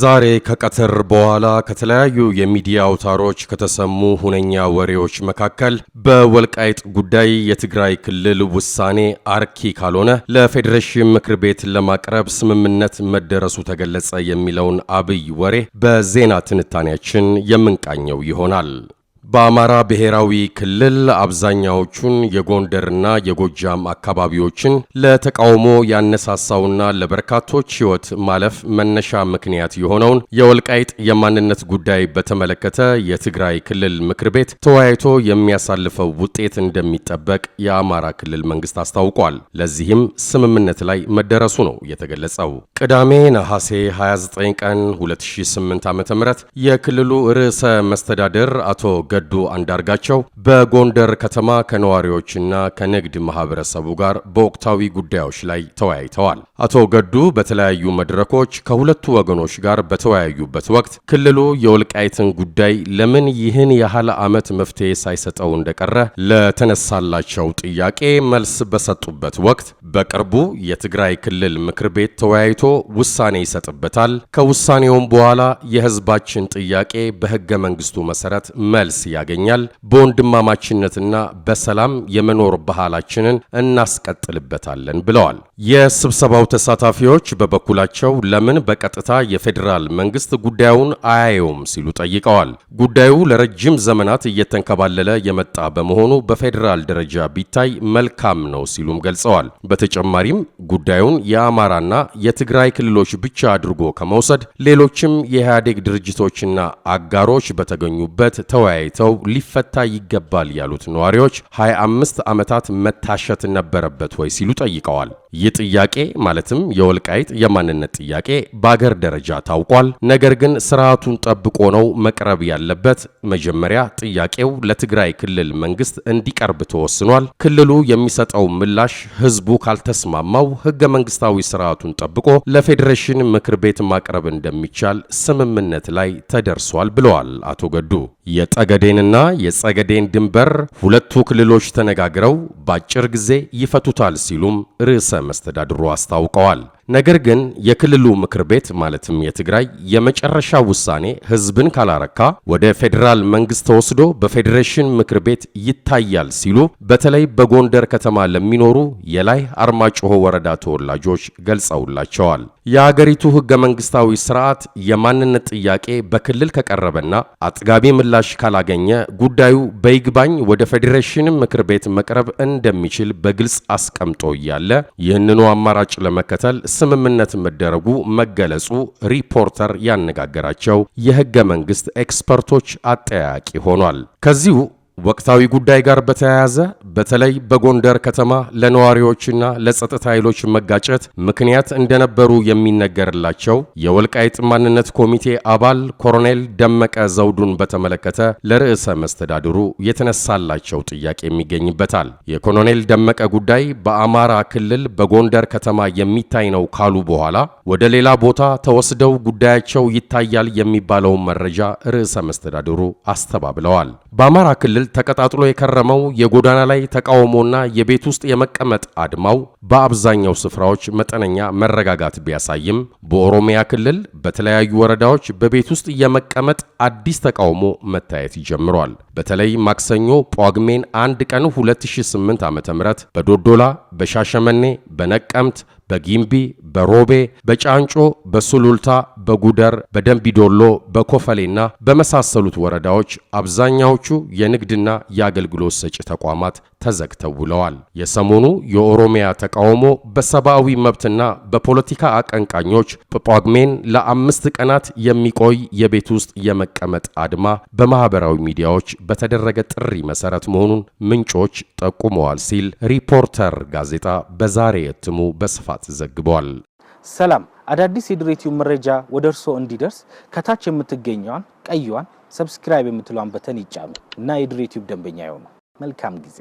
ዛሬ ከቀትር በኋላ ከተለያዩ የሚዲያ አውታሮች ከተሰሙ ሁነኛ ወሬዎች መካከል በወልቃይት ጉዳይ የትግራይ ክልል ውሳኔ አርኪ ካልሆነ ለፌዴሬሽን ምክር ቤት ለማቅረብ ስምምነት መደረሱ ተገለጸ የሚለውን አብይ ወሬ በዜና ትንታኔያችን የምንቃኘው ይሆናል። በአማራ ብሔራዊ ክልል አብዛኛዎቹን የጎንደርና የጎጃም አካባቢዎችን ለተቃውሞ ያነሳሳውና ለበርካቶች ሕይወት ማለፍ መነሻ ምክንያት የሆነውን የወልቃይት የማንነት ጉዳይ በተመለከተ የትግራይ ክልል ምክር ቤት ተወያይቶ የሚያሳልፈው ውጤት እንደሚጠበቅ የአማራ ክልል መንግስት አስታውቋል። ለዚህም ስምምነት ላይ መደረሱ ነው የተገለጸው። ቅዳሜ ነሐሴ 29 ቀን 2008 ዓ.ም የክልሉ ርዕሰ መስተዳደር አቶ ገ ረዱ አንዳርጋቸው በጎንደር ከተማ ከነዋሪዎችና ከንግድ ማህበረሰቡ ጋር በወቅታዊ ጉዳዮች ላይ ተወያይተዋል። አቶ ገዱ በተለያዩ መድረኮች ከሁለቱ ወገኖች ጋር በተወያዩበት ወቅት ክልሉ የወልቃይትን ጉዳይ ለምን ይህን ያህል ዓመት መፍትሄ ሳይሰጠው እንደቀረ ለተነሳላቸው ጥያቄ መልስ በሰጡበት ወቅት በቅርቡ የትግራይ ክልል ምክር ቤት ተወያይቶ ውሳኔ ይሰጥበታል፣ ከውሳኔውም በኋላ የህዝባችን ጥያቄ በህገ መንግስቱ መሰረት መልስ ያገኛል። በወንድማማችነትና በሰላም የመኖር ባህላችንን እናስቀጥልበታለን ብለዋል። የስብሰባው ተሳታፊዎች በበኩላቸው ለምን በቀጥታ የፌዴራል መንግስት ጉዳዩን አያየውም ሲሉ ጠይቀዋል። ጉዳዩ ለረጅም ዘመናት እየተንከባለለ የመጣ በመሆኑ በፌዴራል ደረጃ ቢታይ መልካም ነው ሲሉም ገልጸዋል። በተጨማሪም ጉዳዩን የአማራና የትግራይ ክልሎች ብቻ አድርጎ ከመውሰድ ሌሎችም የኢህአዴግ ድርጅቶችና አጋሮች በተገኙበት ተወያይ ተወያይተው ሊፈታ ይገባል ያሉት ነዋሪዎች 25 ዓመታት መታሸት ነበረበት ወይ ሲሉ ጠይቀዋል። ይህ ጥያቄ ማለትም የወልቃይት የማንነት ጥያቄ በአገር ደረጃ ታውቋል። ነገር ግን ስርዓቱን ጠብቆ ነው መቅረብ ያለበት። መጀመሪያ ጥያቄው ለትግራይ ክልል መንግስት እንዲቀርብ ተወስኗል። ክልሉ የሚሰጠው ምላሽ ህዝቡ ካልተስማማው ህገ መንግስታዊ ስርዓቱን ጠብቆ ለፌዴሬሽን ምክር ቤት ማቅረብ እንደሚቻል ስምምነት ላይ ተደርሷል ብለዋል አቶ ገዱ የጠገ የኦጋዴንና የጸገዴን ድንበር ሁለቱ ክልሎች ተነጋግረው በአጭር ጊዜ ይፈቱታል ሲሉም ርዕሰ መስተዳድሩ አስታውቀዋል። ነገር ግን የክልሉ ምክር ቤት ማለትም የትግራይ የመጨረሻ ውሳኔ ህዝብን ካላረካ ወደ ፌዴራል መንግስት ተወስዶ በፌዴሬሽን ምክር ቤት ይታያል ሲሉ በተለይ በጎንደር ከተማ ለሚኖሩ የላይ አርማጭሆ ወረዳ ተወላጆች ገልጸውላቸዋል። የአገሪቱ ህገ መንግስታዊ ስርዓት የማንነት ጥያቄ በክልል ከቀረበና አጥጋቢ ምላሽ ካላገኘ ጉዳዩ በይግባኝ ወደ ፌዴሬሽን ምክር ቤት መቅረብ እንደሚችል በግልጽ አስቀምጦ እያለ ይህንኑ አማራጭ ለመከተል ስምምነት መደረጉ መገለጹ ሪፖርተር ያነጋገራቸው የህገ መንግስት ኤክስፐርቶች አጠያቂ ሆኗል። ከዚሁ ወቅታዊ ጉዳይ ጋር በተያያዘ በተለይ በጎንደር ከተማ ለነዋሪዎችና ለጸጥታ ኃይሎች መጋጨት ምክንያት እንደነበሩ የሚነገርላቸው የወልቃይት ማንነት ኮሚቴ አባል ኮሎኔል ደመቀ ዘውዱን በተመለከተ ለርዕሰ መስተዳድሩ የተነሳላቸው ጥያቄ የሚገኝበታል። የኮሎኔል ደመቀ ጉዳይ በአማራ ክልል በጎንደር ከተማ የሚታይ ነው ካሉ በኋላ ወደ ሌላ ቦታ ተወስደው ጉዳያቸው ይታያል የሚባለውን መረጃ ርዕሰ መስተዳድሩ አስተባብለዋል። በአማራ ክልል ተቀጣጥሎ የከረመው የጎዳና ላይ ተቃውሞና የቤት ውስጥ የመቀመጥ አድማው በአብዛኛው ስፍራዎች መጠነኛ መረጋጋት ቢያሳይም በኦሮሚያ ክልል በተለያዩ ወረዳዎች በቤት ውስጥ የመቀመጥ አዲስ ተቃውሞ መታየት ጀምሯል። በተለይ ማክሰኞ ጳጉሜን 1 ቀን 2008 ዓ.ም በዶዶላ፣ በሻሸመኔ፣ በነቀምት በጊምቢ፣ በሮቤ፣ በጫንጮ፣ በሱሉልታ፣ በጉደር፣ በደንቢዶሎ፣ በኮፈሌና በመሳሰሉት ወረዳዎች አብዛኛዎቹ የንግድና የአገልግሎት ሰጪ ተቋማት ተዘግተው ውለዋል። የሰሞኑ የኦሮሚያ ተቃውሞ በሰብአዊ መብትና በፖለቲካ አቀንቃኞች ጳጉሜን ለአምስት ቀናት የሚቆይ የቤት ውስጥ የመቀመጥ አድማ በማህበራዊ ሚዲያዎች በተደረገ ጥሪ መሰረት መሆኑን ምንጮች ጠቁመዋል ሲል ሪፖርተር ጋዜጣ በዛሬ እትሙ በስፋት ሰዓት ዘግቧል። ሰላም፣ አዳዲስ የድሬቲዩብ መረጃ ወደ እርስዎ እንዲደርስ ከታች የምትገኘዋን ቀይዋን ሰብስክራይብ የምትለዋን በተን ይጫኑ እና የድሬቲዩብ ደንበኛ የሆኑ መልካም ጊዜ